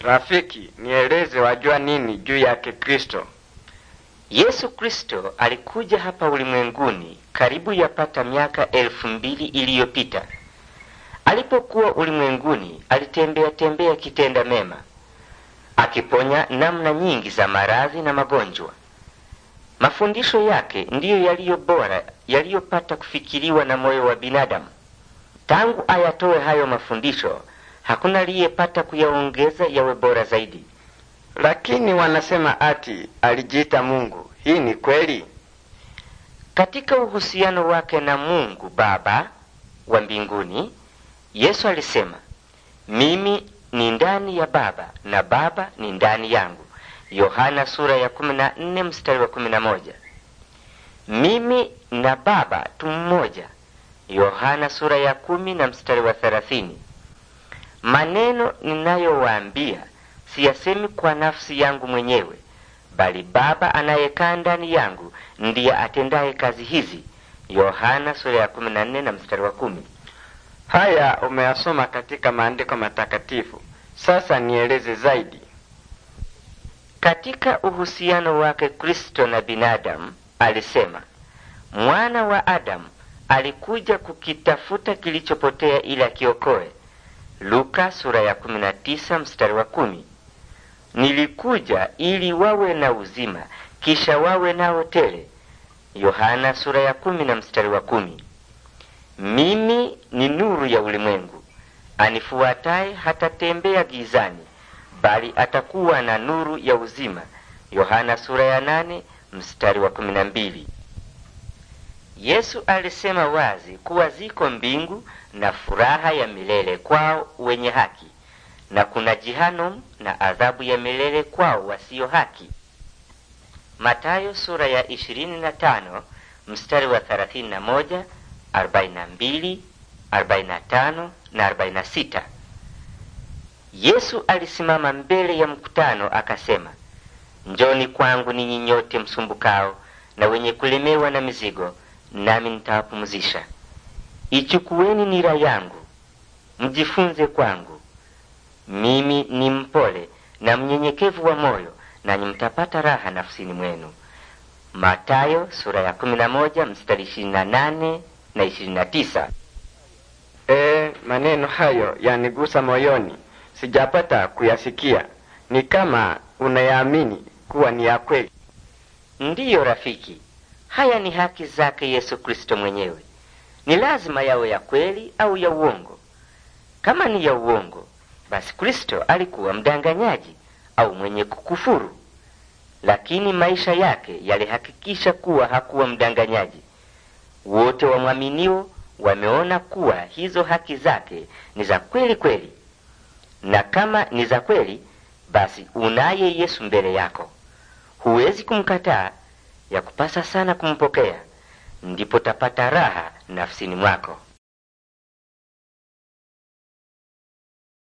Rafiki, nieleze wajua nini juu yake Kristo? Yesu Kristo alikuja hapa ulimwenguni karibu yapata miaka elfu mbili iliyopita. Alipokuwa ulimwenguni, alitembea tembea kitenda mema, akiponya namna nyingi za maradhi na magonjwa. Mafundisho yake ndiyo yaliyo bora yaliyopata kufikiriwa na moyo wa binadamu. Tangu ayatoe hayo mafundisho hakuna aliyepata kuyaongeza yawe bora zaidi. Lakini wanasema ati alijiita Mungu. Hii ni kweli? Katika uhusiano wake na Mungu Baba wa mbinguni, Yesu alisema, mimi ni ndani ya Baba na Baba ni ndani yangu. Yohana sura ya 14 mstari wa 11. Mimi na Baba tu mmoja. Yohana sura ya kumi na mstari wa thelathini. Maneno ninayowaambia siyasemi kwa nafsi yangu mwenyewe, bali Baba anayekaa ndani yangu ndiye atendaye kazi hizi. Yohana sura ya kumi na nne na mstari wa kumi. Haya umeyasoma katika maandiko matakatifu. Sasa nieleze zaidi. Katika uhusiano wake Kristo na binadamu alisema, mwana wa Adamu alikuja kukitafuta kilichopotea ili akiokoe. Luka sura ya 19 mstari wa kumi. Nilikuja ili wawe na uzima kisha wawe nao tele. Yohana sura ya kumi na mstari wa kumi. Mimi ni nuru ya ulimwengu, anifuataye hatatembea gizani, bali atakuwa na nuru ya uzima. Yohana sura ya nane mstari wa kumi na mbili. Yesu alisema wazi kuwa ziko mbingu na furaha ya milele kwao wenye haki na kuna jehanamu na adhabu ya milele kwao wasio haki. Matayo sura ya 25 mstari wa 31, 42, 45 na 46. Yesu alisimama mbele ya mkutano akasema, njoni kwangu ninyi nyote msumbukao na wenye kulemewa na mizigo nami nitawapumzisha. Ichukueni nira yangu, mjifunze kwangu, mimi ni mpole na mnyenyekevu wa moyo, nanyi mtapata raha nafsini mwenu. Matayo sura ya kumi na moja mstari ishirini na nane na ishirini na tisa. E, maneno hayo yanigusa moyoni, sijapata kuyasikia. Ni kama unayaamini kuwa ni ya kweli? Ndiyo rafiki, Haya ni haki zake Yesu Kristo mwenyewe. Ni lazima yawe ya kweli au ya uongo. Kama ni ya uongo, basi Kristo alikuwa mdanganyaji au mwenye kukufuru, lakini maisha yake yalihakikisha kuwa hakuwa mdanganyaji. Wote wamwaminio wameona kuwa hizo haki zake ni za kweli kweli, na kama ni za kweli, basi unaye Yesu mbele yako, huwezi kumkataa ya kupasa sana kumpokea, ndipo tapata raha nafsini mwako.